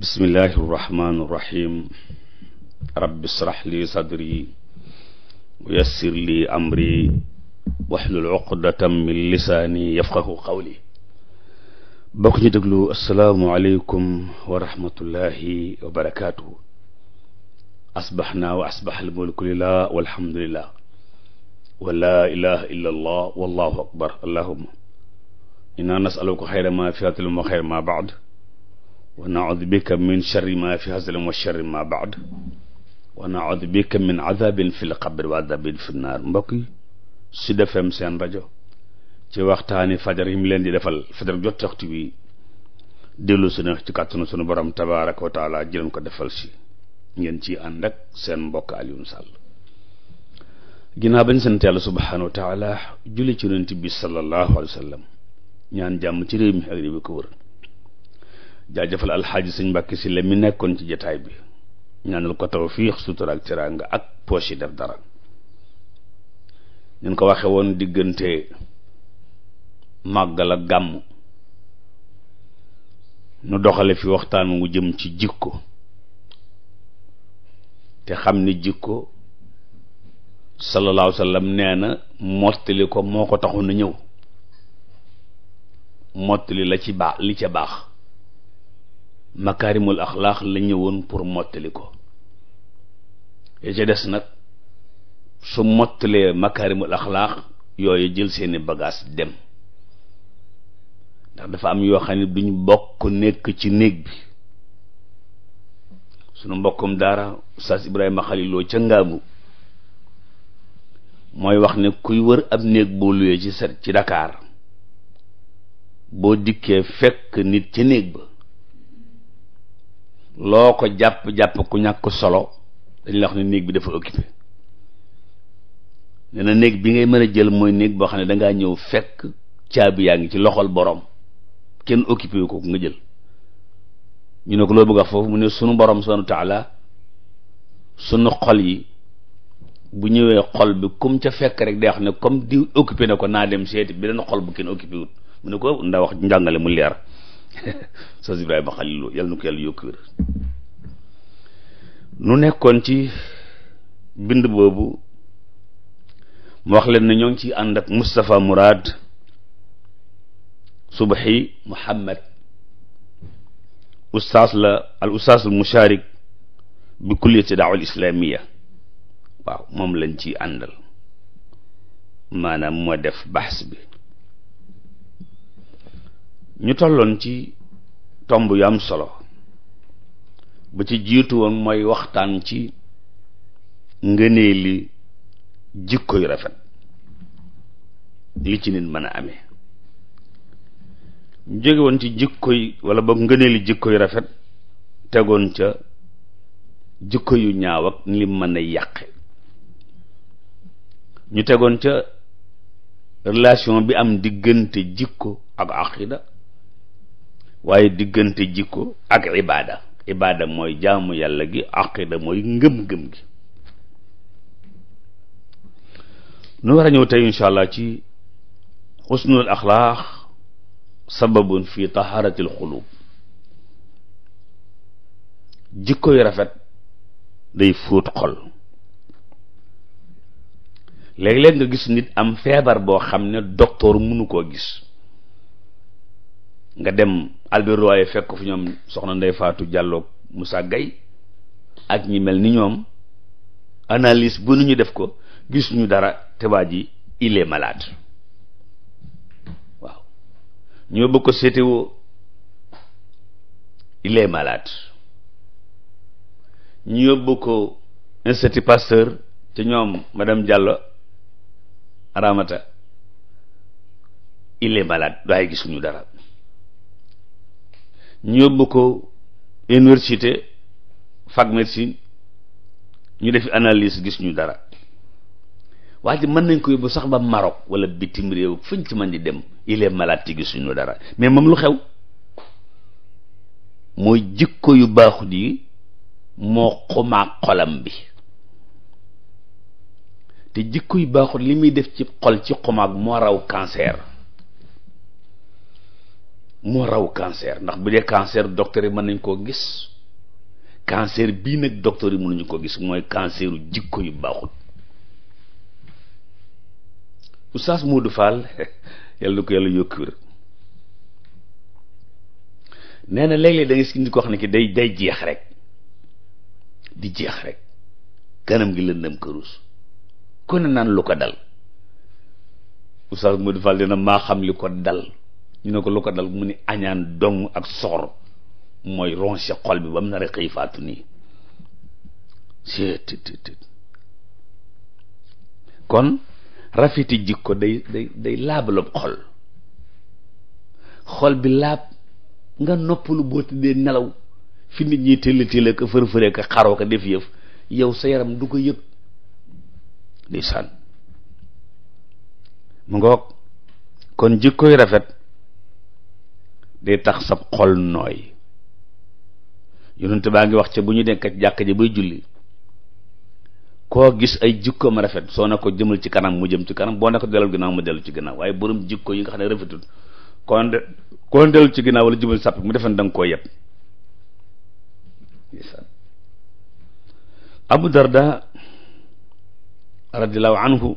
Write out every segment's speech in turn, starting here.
bismillahi irrahmani irrahim rabbi israh li sadri wa yassir li amri waxlul uqdatam min lisaani yafqahu qawli bokk ñu déglu asalaamualeykum wa rahmatullahi wa barakaatuhu asbaxnaa wa asbax almulku lillah walhamdulillah wa laa ilaha illa allah wallahu akbar allahuma inna nasaluka xayra ma fiatilum wa xayra ma baad wa naudu bika min sharri ma fi hasalin wa sharri ma baad wa naudu bika min adabin fi lqabri wa adabin fi naar mbokk yi Sud FM seen rajo ci waxtaani fajar yi mu leen di defal fajar jot waxtu wi dellu su ne ci kàttanu sunu borom tabaaraka wa taala jëleen ko defal si ngeen ci ànd ak seen mbokk Alioune Sall ginnaaw bañ sant yàlla subhaanahu wa taala julli ci yonent bi sallallahu alayhi wa sallam ñaan jàmm ci réew mi ak réew yi ko wër jaajëfal alxaaji sëñ mbàkki si la mi nekkoon ci jataay bi ñaanal ko tawfiix sutura ak teraanga ak poche yi def dara ñun ko waxe woon diggante màggal ak gàmm nu doxale fi waxtaan wu jëm ci jikko te xam ni jikko sallallahu alayhi wa nee na mottali ko moo ko taxoon na ñëw mottali la ci baax li ca baax makaarimul axlaax la ñëwoon pour mottali ko ya ca des nag su mottalee makaarimul axlaax yooyu jël seeni bagage dem ndax dafa am yoo xam ne duñ bokk nekk ci néeg bi sunu mbokkum daara Oustaz Ibrahima Xaliloo ca ngaabu mooy wax ne kuy wër ab néeg boo luyee ci set ci Dakar boo dikkee fekk nit ca néeg ba loo ko jàpp-jàpp ku ñàkk solo dañ la wax ne néeg bi dafa occupé nee na néeg bi ngay mën a jël mooy néeg boo xam ne dangaa ñëw fekk caabi yaa ngi ci loxol boroom kenn occupé wu ko nga jël ñu ne ko loo bëgg a foofu mu ne sunu borom subhanahu wa taala sunu xol yi bu ñëwee xol bi comme ca fekk rek day wax ne comme di occupé na ko naa dem seeti beneen xol bu kenn occupé wut mu ne ko ndax wax njàngale mu leer sas Ibrahima Xalilu yal na ko yàlla yokk nu nekkoon ci bind boobu mu wax leen ne ñoo ngi ciy ànd ak Moustapha Mourad Subhi Muhammad ustaas la al ustaas al musharik bi kulliyati daawa al islamiya waaw moom lañ ciy àndal maanaam moo def bahs bi ñu tolloon ci tomb yu am solo ba ci jiitu woon mooy waxtaan ci ngënee li jikko yu rafet li ci nit mën a ame ñu jóge woon ci jikko yi wala ba ngënee li jikko yu rafet tegoon ca jikko yu ñaaw ak li mën a yàqe ñu tegoon ca relation bi am diggante jikko ak aqida waaye diggante jikko ak ibaada ibaada mooy jaamu yàlla gi aqida mooy ngëm-ngëm gi nu war a ñëw tey incha ci xusnul axlaaq sababun fi tahaaratil xulub jikko yu rafet day fóot xol léeg-léeg nga gis nit am feebar boo xam ne docteur mënu koo gis nga dem Albert Royer fekk ko fu ñoom soxna nday faatu Diallo Moussa Gueye ak ñi mel ni ñoom analise bu nu ñu def ko gisuñu dara te waa ji il est malade waaw ñu bëgg ko seetewoo il est malade ñu yóbbu ko institut Pasteur ci ñoom madame jàllo Aramata il est malade waaye gisuñu dara ñu yóbbu ko université fag médecine ñu def analyse gis ñu dara waaye mën nañ ko yóbbu sax ba Maroc wala bitim réew fuñ ci mën di dem il malaat malade ci gisuñu dara mais moom lu xew mooy jikko yu baaxut yi moo xumaa xolam bi te jikko yu baaxut li muy def ci xol ci xumaag moo raw cancer moo raw cancer ndax bu dee cancer docteur yi mën nañ koo gis cancer bii nag docteur yi mënuñu ko gis mooy canceru jikko yu baaxut Oustaz Modou Fall yàlla na ko yàlla yokk wér nee na léeg-léeg da nga si nit ko xam ne ki day day jeex rek di jeex rek kanam gi lëndëm këruus ku ne naan lu ko dal Oustaz Modou Fall dina maa xam li ko dal ñu ne ko lu ko dal mu ni añaan dong ak soxor mooy ronge xol bi ba mu nar a xëy faatu nii kon rafeti jikko day day day laabalab xol xol bi laab nga noppalu boo tëddee nelaw fi nit ñi tëll tëll ko fër-fëree ko xaroo ko def yëf yow sa yaram du ko yëg ndeysaan mu ngoog kon jikkoy rafet day tax sab xol nooy yonent baa ngi wax ca bu ñu denk ci jàkk ji buy julli koo gis ay jikkoom rafet soo ne ko jëmal ci kanam mu jëm ci kanam boo ne ko dellu ginnaaw mu dellu ci ginnaaw waaye borom jikko yi nga xam ne rafetul kon de kon dellu ci ginnaaw wala jëmal sàpp mu defen da nga koo yeb abu darda radiallahu anhu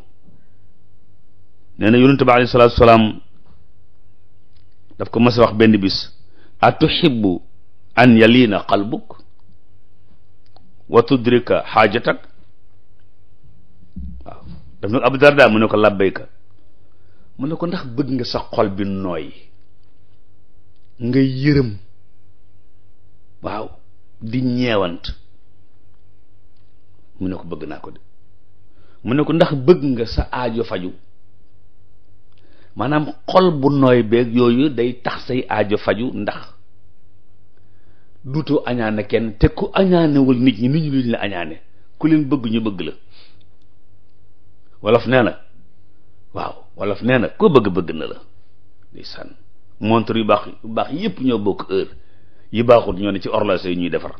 nee na yonent bi alayhi salaatu daf ko mës a wax benn bis a tuhibbu an yaliina qalbuk wa tudrika xaajatak waaw daf ne Abu Darda mu ne ko labbayka mu ne ko ndax bëgg nga sa xol bi nooy nga yërëm waaw di ñeewant mu ne ko bëgg naa ko de mu ne ko ndax bëgg nga sa aajo faju maanaam xol bu nooy beeg yooyu day tax say aajo faju ndax duutoo añaane kenn te ku añaanewul nit ñi nit ñi luñ la añaane ku leen bëgg ñu bëgg la wolof nee na waaw wolof nee na ko bëgg bëgg na la ndeysaan montre yu baax yu baax yépp ñoo bokk heure yi ci horloge yi ñuy defar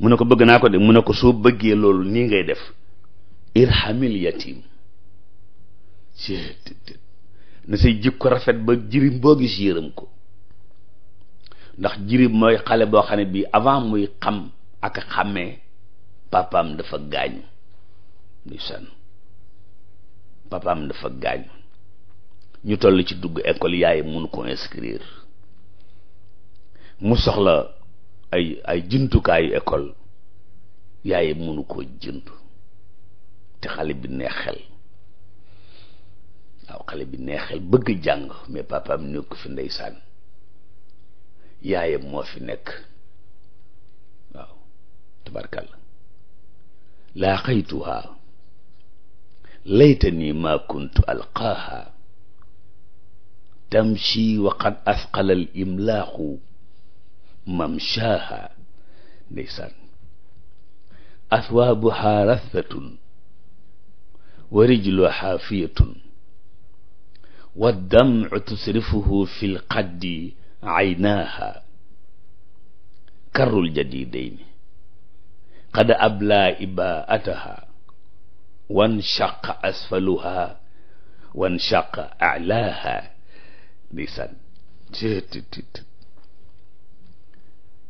mu ne ko bëgg naa ko de mu ne ko soo bëggee loolu nii ngay def irhamil yatim na say jikko rafet ba jirim boo gis yërëm ko ndax jirim mooy xale boo xam ne bii avant muy xam ak xàmmee papaam dafa gaañu di san papaam dafa gaañu ñu toll ci dugg école yaay mënu ko inscrire mu soxla ay ay jumtukaayu école yaay mënu koo jënd te xale bi neex xel xale bi neexal bëgg jàng mais papaam nekk fi ndeysaan yaayam moo fi nekk waaw tabarkàlla laa xaytuha laytani ma kuntu alqaaha tamshi wa qad asqala al imlaaqu mamshaaha ndeysaan aswaabuha rathatun wa rijluha fiatun wa damcu tusrifuhu fi lqaddi aynaaha karrul jadidayni qad abla ibaataha wanshaqa asfaluha wanshaqa alaaha ndeysaan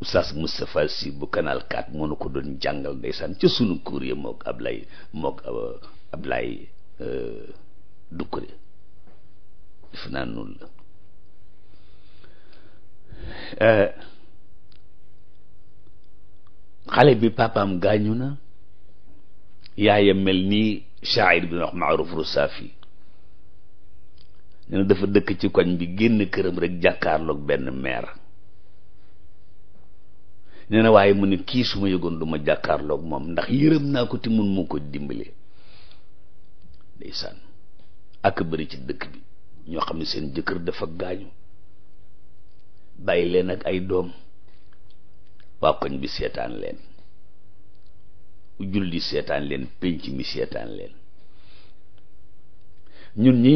Oustaz Moustapha Sy bu Canal 4 moo nu ko doon jàngal ndeysaan ca sunu kuur ya mook Ablaye mook euh, Ablaye euh, Dukkure defe naa noonu la euh, xale bi papaam gaañu na yaayam mel nii shaayir bi na wax Maaruf Rusaafi ne dafa dëkk ci koñ bi génn këram rek jàkkaarloog benn meer nee na waaye mu ne kii su ma yëgoon duma ma jàkkaarloog moom ndax yërëm naa ko te mun mu ko dimbale ndeysaan ak bëri ci dëkk bi ñoo xam ne seen jëkkër dafa gaañu bàyyi leen ak ay doom waa koñ bi seetaan leen julli seetaan leen pénc mi seetaan leen ñun ñi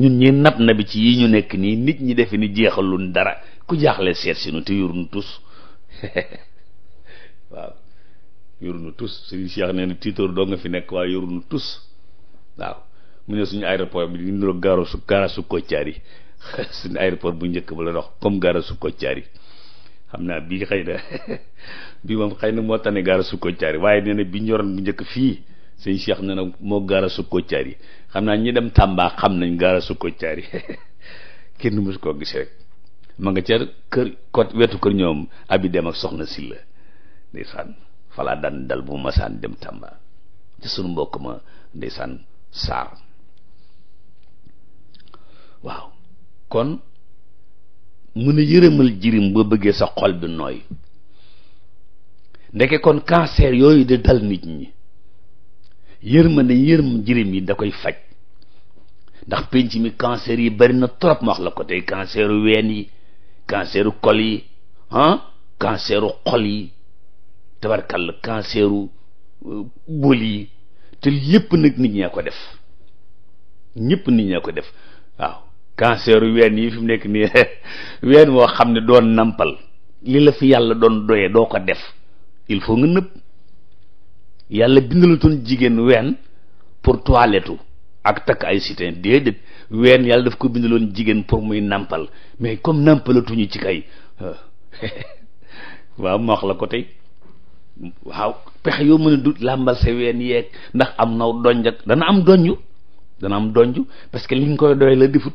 ñun ñi nab na bi ci yi ñu nekk nii nit ñi defe ni jeexaluñ dara ku jaaxle seet si nu te yoruñu tus waaw yoruñu tus suñu Cheikh nee na tiitoor doo nga fi nekk waaye yoruñu tus waaw mu ne suñu aéroport bi ñu ngi doon gaara bu njëkk ba la dox comme gaara su Kotiari xam naa bii xëy na bii moom xëy na moo tane gaara su Kotiari waaye nee bi ñu bu njëkk fii sëñ Cheikh na moo gaara su Kotiari xam naa ñi dem Tamba xam nañ gaara su Kotiari kenn mësu koo gis rek ma nga ca kër wetu kër ñoom abi dem ak soxna Silla ndeysaan falaa daan dal bu ma saan dem Tamba ci sunu mbokk ma ndeysaan saar waaw kon mun a yërëmal jirim boo bëggee sa xol bi nooy ndeke kon cancer yooyu di dal nit ñi yërmande yërm jirim yi da koy faj ndax penc mi cancer yi bari na trop wax la ko tey canceru ween yi canceru kol yi ah canceru xol yi tabarkàll canceru bol euh, yi te lépp nag nit ñaa ko def ñëpp nit ñaa ko def waaw cancer ween yii fi mu nekk nii ween woo xam ne doon nampal li la fi yàlla doon doye doo ko def il faut nga nëb yàlla bindalatoon jigéen ween pour toilette ak takk ay sitin déedéet ween yàlla daf ko bindaloon jigéen pour muy nampal mais comme nampalatuñu ci kay waaw ma la ko tey waaw pexe yoo mën a du làmbal sa ween yeeg ndax am naw donj ak dana am donj dana am donj parce que li nga koy doy la defut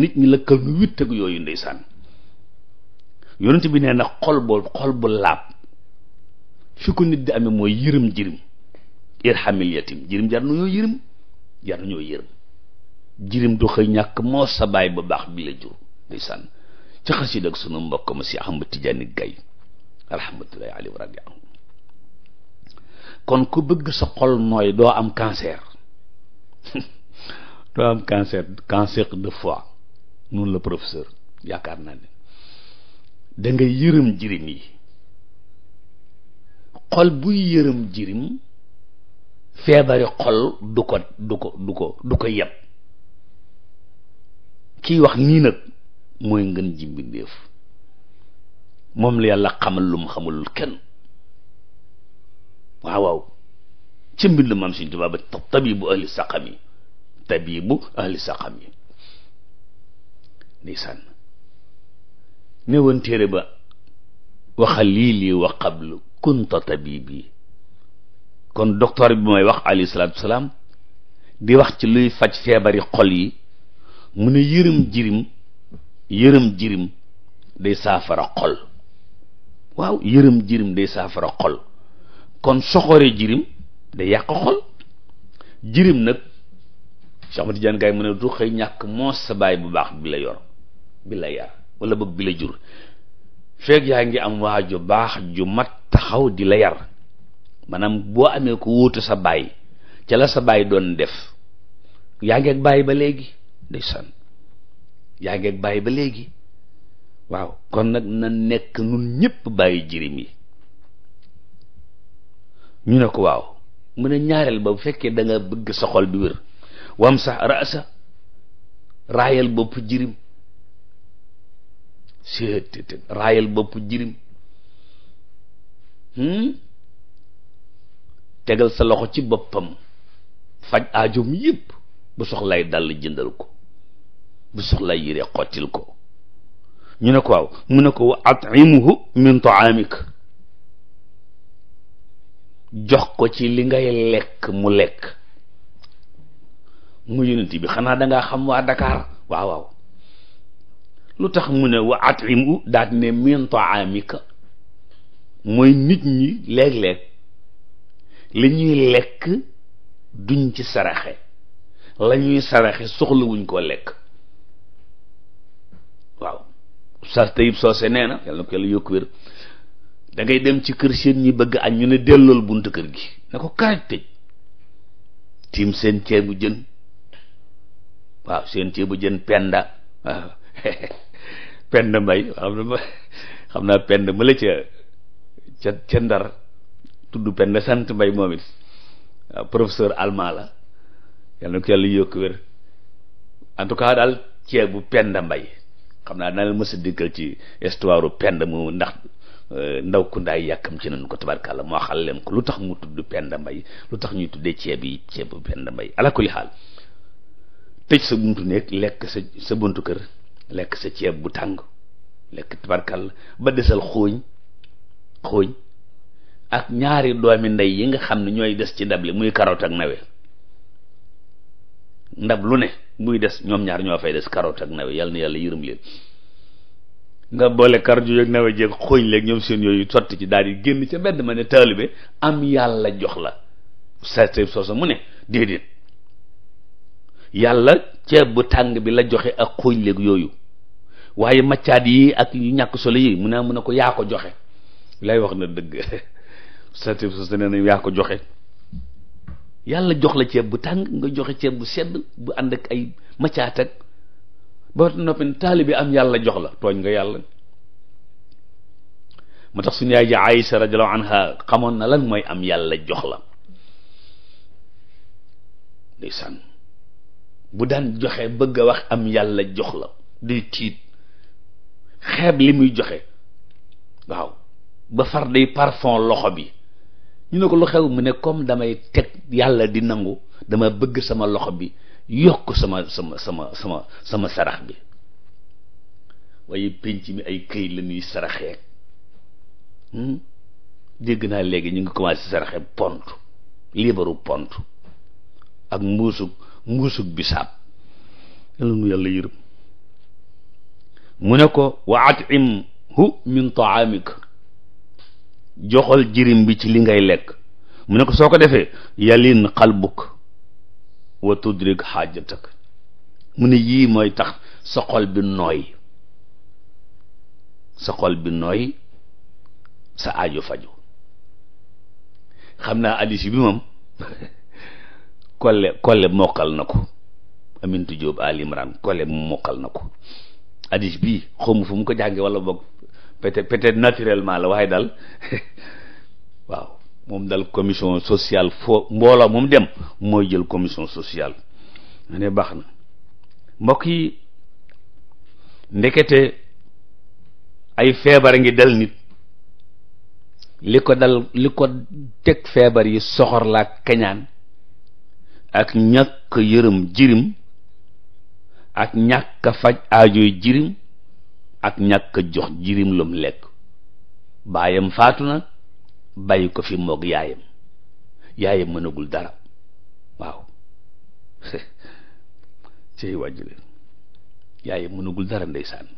nit ñi lëkkal nu witt yooyu ndeysaan yonent bi nee xol bu xol bu laab fi ko nit di amee mooy yërëm jirim irhamil yatim jirim jar na ñoo yërëm jar jirim du xëy ñàkk moo sa baay bu baax bi la jur ndeysaan ci xasida ak sunu mbokk ma si Ahmad Tijaani Gay rahmatullahi alayhi wa radi kon ku bëgg sa xol nooy doo am cancer doo am cancer cancer de foie noonu la professeur yaakaar naa ne da nga yërëm jirim yi xol buy yërëm jirim feebari xol du ko du ko du ko du ko yeb kiy wax nii nag mooy ngën ji moom la yàlla xamal lu xamul kenn waaw waaw ci mbind maam Sëriñ Tuubaa ba tabibu ahli saqam yi tabibu ahli saqam yi ndeysaan ne woon téere ba wa xalili wa qablu kunta kon docteur bi mooy wax alayhi salaatu wasalaam di wax ci luy faj feebari xol yi mu ne yërëm jirim yërëm jirim day saafara xol waaw yërëm jirim day saafara xol kon soxore jirim da yàq xol jirim nag Cheikh Ahmad Tidiane Gaye mu ne du xëy ñàkk moo sa baay bu baax bi la yor bi la yar wala bëgg bi la jur feeg yaa ngi am waa ju baax ju mat taxaw di la yar maanaam boo amee ko wóotu sa baay ca la sa baay doon def yaa ngi ak baay ba léegi day san yaa ngi ba léegi waaw kon nag na nekk nun ñépp bàyyi jirim yi ñu ne ko waaw mu ne ñaareel ba bu fekkee da bëgg sa xol bi wér wam raayal bopp jirim seet raayal bopp jirim hmm? tegal sa loxo ci boppam faj aajom yépp bu soxlay dàll jëndal ko bu soxlaay yére xottil ko ñu ne ko waaw mu ne ko wa at'imuhu min ta'amik jox ko ci li ngay lekk mu lekk mu yonent bi xanaa dangaa xam waa Dakar waaw waaw lu tax mu ne wa atimu daat ne min taamika mooy nit ñi léeg-léeg li ñuy lekk duñ ci saraxe la ñuy saraxe soxlawuñ koo lekk waaw Oustaz Tayib Socé nee na yàlla na yokk wér da dem ci kër seen ñi bëgg añ ñu ne dellool buntu kër gi ne ko kaaj tëj tiim seen ceebu jën waaw seen ceebu jën penda pend mbay xam na naa pend ma la ca ca ca ndar tudd pend sant mbay moom it waaw professeur allemand la yàlla na ko yàlla yokk wér en tout cas daal ceebu pend mbay xam naa naa leen mës a ci histoire pend mu ndax euh, ndaw ku ndaay yàkkam ci nañ ko tabarkàlla moo xal ko lu tax mu tudd pend mbay lu tax ñuy tuddee ceeb yi ceebu pend mbay ala kulli xaal tëj sa buntu néeg lekk sa sa buntu kër lekk sa ceeb bu tàng lekk tabarkal ba desal xooñ xooñ ak ñaari doomi ndey yi nga xam ne ñooy des ci ndab li muy carotte ak nawe ndab lu ne muy des ñoom ñaar ñoo fay des carotte ak nawe yàlla na yàlla yërëm leen nga boole carotte yooyu ak nawe jeeg xooñ leeg ñoom seen yooyu sotti ci daal di génn ca mbedd ma ne taalibe am yàlla jox la sa soosa mu ne déedéet yàlla ceeb bu tàng bi la joxe ak xooñ leeg yooyu waaye maccaat yii ak yu ñàkk solo yi mu ne mun na ko yaa ko joxe lay wax na dëgg sati sa nee na joxe yàlla jox la ceeb bu tàng nga joxe ceeb bu sedd bu ànd ak ay maccaat ak ba noppi taali bi am yàlla jox la tooñ nga yàlla moo tax suñu yaay ji Aïsa anha xamoon na lan mooy am yàlla jox la ndeysaan bu joxe bëgg a wax am yàlla jox la day tiit xeeb li muy joxe waaw ba far day parfum loxo bi ñu ne ko lu xew mu ne comme damay teg yàlla di nangu dama bëgg sama loxo bi yokk sama sama sama sama sama sarax bi waaye penc mi ay këy la ñuy saraxee hmm? dégg naa léegi ñu ngi commencé saraxe pont liibaru pont ak mbuusug mbuusug bisaab yàlla nu yàlla yërëm mu ne ko wa atimhu min taamika joxal jirim bi ci li ngay lekk mu ne ko soo ko defee yalin xalbuk wa tudrik xaajatak mu ne yii mooy tax sa xol bi nooy sa xol bi nooy sa aajo faju xam naa addis bi moom kolle kolle mokkal na ko amintu Jóob Ali Imran kolle mokkal na ko hadis bii xawma fu mu ko jànge wala boog peut-être peut naturellement la waaye dal waaw moom dal commission sociale foo mbooloo moom dem mooy jël commission sociale ma ne baax na mbokk yi ndekete ay feebar a ngi dal nit li ko dal li ko teg feebar yi soxor laa kañaan ak ñàkk yërëm jirim ak ñàkk a faj aajoy jirim ak ñàkk a jox jirim lum lekk baayam faatu na bàyyi ko fi moog yaayam yaayam mënagul dara waaw cey wàjjule yaayam mënagul dara ndeysaan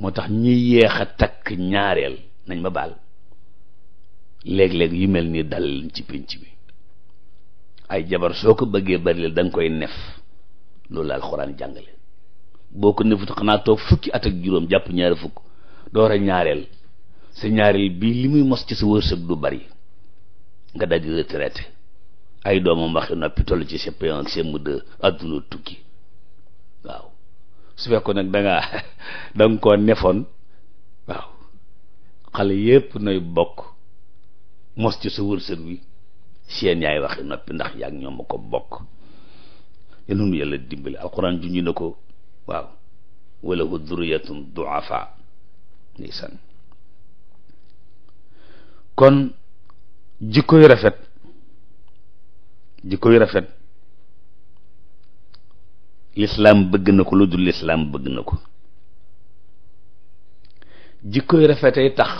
moo tax ñi yeex a takk ñaareel nañ ma baal léeg-léeg yu mel ni dal ci pinc bi ay jabar soo ko bëggee bari la da koy nef loolu la alxuraan jàngale boo ko defut xanaa toog fukki at ak juróom jàpp ñaari fukk door a ñaareel sa ñaareel bii li muy mos ci sa wërsëg du bari nga daal di retraité ay doomam waxi noppi toll ci CP1 ak tukki waaw fekkoon nag da ngaa da nga koo nefoon bokk mos ci sa wërsëg wi seen yaay waxi noppi ndax yaa ngi ma ko bokk yal nañu yàlla dimbali alquran junj na ko waaw walahu duriyatun duafa ndeysaan kon jikko yu rafet jikko yu rafet lislaam bëgg na ko lu dul lislaam bëgg na ko jikko yu rafetay tax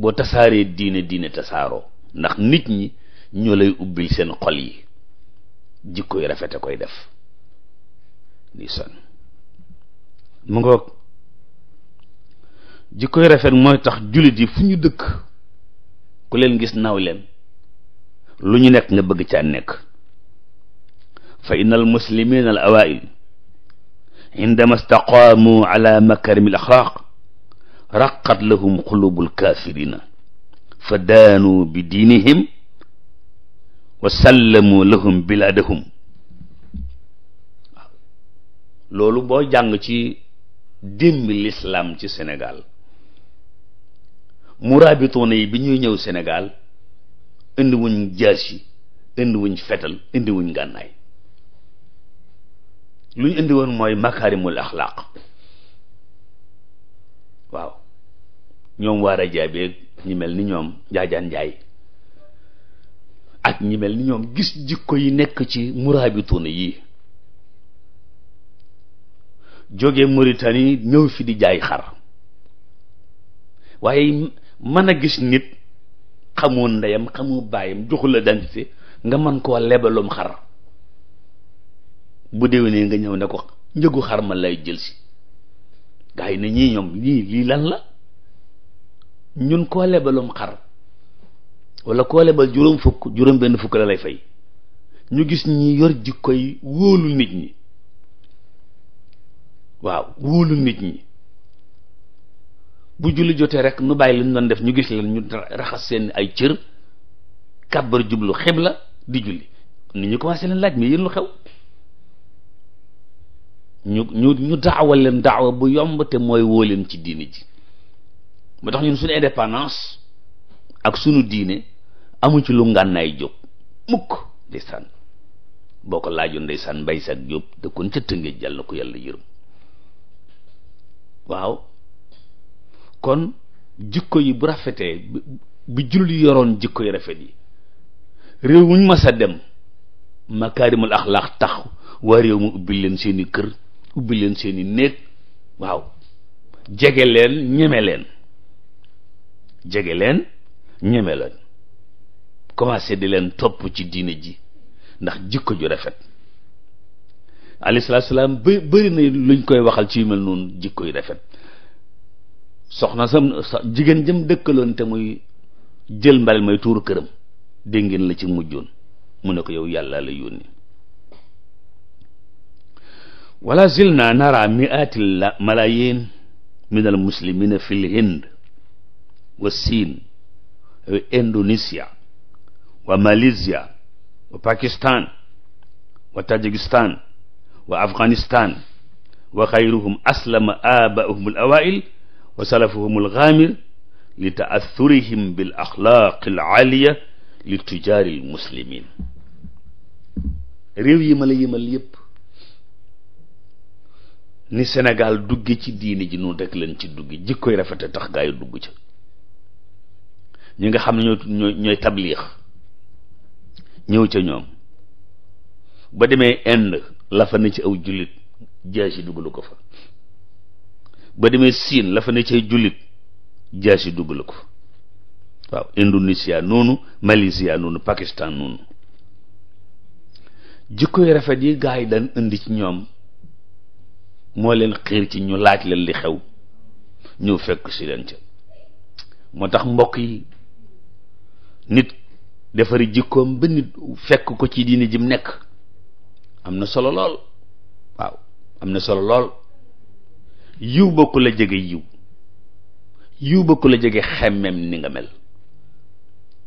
boo tasaaree diine diine tasaaroo ndax nit ñi ñoo lay ubbi seen xol yi jikko yu rafet a koy def di son mu ngoog jikko yu rafet mooy tax jullit yi fu ñu dëkk ku leen gis naw leen lu ñu nekk nga bëgg caa nekk fa inna al muslimina al awail indama staqaamu ala makarimi al axlaaq raqat lahum xulubul kaafirina fa daanu bi diinihim wa sallamu lahum biladahum loolu boo jàng ci démbi lislaam ci Sénégal murabitoon yi bi ñuy ñëw senegaal indi wuñ jaas wuñ fetal indiwuñ wuñ ngànnaay lu ñu indi woon mooy makaarimul axlaaq waaw ñoom waar a jaabeeg ñi mel ni ñoom njaajaan njaay ak ñi mel ni ñoom gis jikko yi nekk ci muraabituuna yii jóge Mauritanie ñëw fi di jaay xar waaye mën a gis nit xamoo ndeyam xamoo baayam joxu la identité nga mën koo lebalum xar bu déwénee nga ñëw ne ko njëgu xar ma lay jël si gars yi ne ñii ñoom lii lii la ñun koo lebalum xar wala koo lebal juróom fukk juróom benn fukk la lay fay ñu gis ñi yor jikko yi wóolu nit ñi waaw wóolu nit ñi bu julli jotee rek nu bàyyi lañ doon def ñu gis leen ñu raxas seen ay cër kàbbar jublu xibla di julli nit ñu commencé yéen lu xew ñu ñu ñu daawa leen daawa bu yomb te mooy woo ci diine ji moo tax ñun suñu indépendance ak sunu diine amu ci lu ngànnaay jóg mukk ndeysaan boo ko laajoon ndeysaan mbay sax jóob dëkkoon ca tëngéej jàll na ko yàlla yërëm waaw kon jikko yi bu rafetee bi julli yoroon jikko yi rafet yi réew mu mas a dem makaarimul axlaax tax waa réew mu ubbi leen seeni kër ubbi leen seeni néeg waaw jege leen ñeme leen jege leen ñeme leen commencé di leen topp ci diine ji ndax jikko ju rafet alayhi salaatu salaam luñ koy waxal ci yu mel noonu jikko yu rafet soxna sam jigéen jëm dëkkaloon te muy jël mbalit may tuuru këram dégg la ci mujjoon mu ne ko yow yàlla la yónni wala zilna nara miatil malayin min al muslimina fil hind wa indonesia wa Malaysia wa Pakistan wa Tajikistan wa Afghanistan wa xayruhum aslama aabaahum al awail wa salafuhum al gaamir li taassurihim bil axlaaqi al aaliya li yi ma la yimal yépp ni senegal dugge ci diini ji noonu rek lañ ci dugge jikkoy rafete tax gaa yi dugg ca ñi nga xam ne ñooy ñooy ñëw ca ñoom ba demee Inde la fa ne ci aw jullit jaasi duggalu ko fa ba demee Siin la fa ne ci ay jullit jaasi duggalu ko waaw Indonesia noonu Malaysia noonu pakistaan noonu jikkoy rafet yi gaa yi daan indi ci ñoom moo leen xiir ci ñu laaj leen li xew ñëw fekk si leen ca moo tax mbokk yi nit defari jikkoom ba nit fekk ko ci diine jim nekk am na solo lool waaw am na solo lool yiw ba ku la jege yiw yiw ba ku la jege xemmem ni nga mel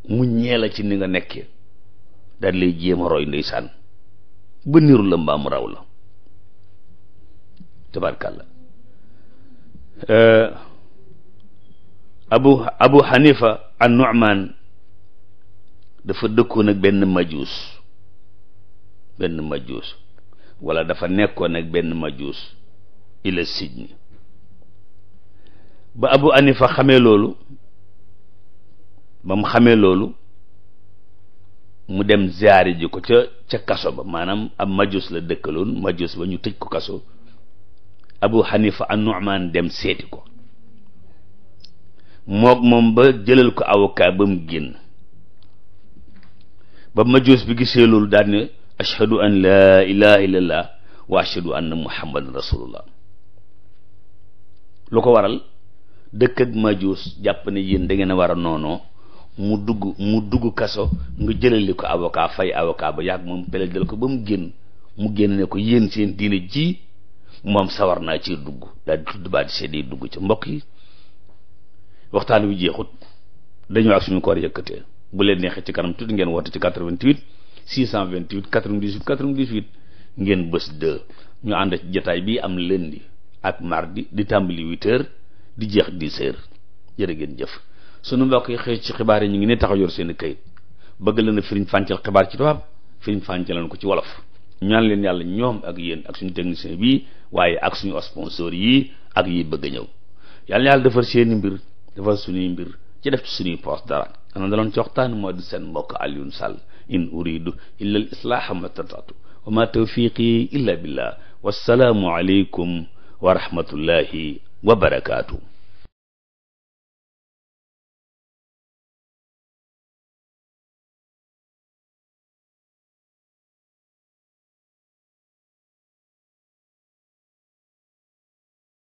mu ñee la ci ni nga nekkee daal lay jéem a roy ndeysaan ba niru la mbaa mu raw la tabarkàlla euh, abu abu hanifa an nu'man dafa dëkkoon ak benn majuus benn majuus wala dafa nekkoon ak benn majuus ila sijni ba abu anifa xamee loolu ba mu xamee loolu mu dem ziyaari ji ko ca ca kaso ba maanaam ab majuus la dëkkaloon majuus ba ñu tëj ko kaso abu xanifa an nu'man dem seeti ko mook moom ba jëlal ko avocat ba mu génn ba majuus bi gisee loolu daal ne ashhadu an laa ilaha illallah wa ashhadu anna muhammadan rasulullah lu ko waral dëkk ak majuus jàpp ne yéen da ngeen a war a noonoo mu dugg mu dugg kaso nga jëlali ko avocat fay avocat ba yàgg moom plaidel ko ba mu génn mu génn ne ko yéen seen diine ji moom sawar naa ci dugg daal di tudd baat seede dugg ca mbokk yi waxtaan wi jeexut ak suñu koor yëkkatee bu leen neexee ci kanam tuuti ngeen woote ci 88 628 98 98 ngeen bës de ñu ànd ci jataay bii am lundi ak mardi di tàmbali 8h di jeex 10h jërë ngeen jëf sunu mbokk yi xëy ci xibaar yi ñu ngi ne taxaw yor seen i kayit bëgg leen a firiñ fàncal xibaar ci tubaab firiñ fàncalan ko ci wolof ñaan leen yàlla ñoom ak yéen ak suñu technicien bii waaye ak suñu sponsor yi ak yi bëgg a ñëw yàlla yàlla defar seeni mbir defar suñuy mbir ci def ci suñuy poste dana daloon ci waxtaan moo di seen mbokk Alioune Sall in uridu illa al islaaha ma tataatu wa ma tawfiqi illa billah wassalaamu aleykum wa rahmatullahi wa barakaatu